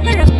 一个人。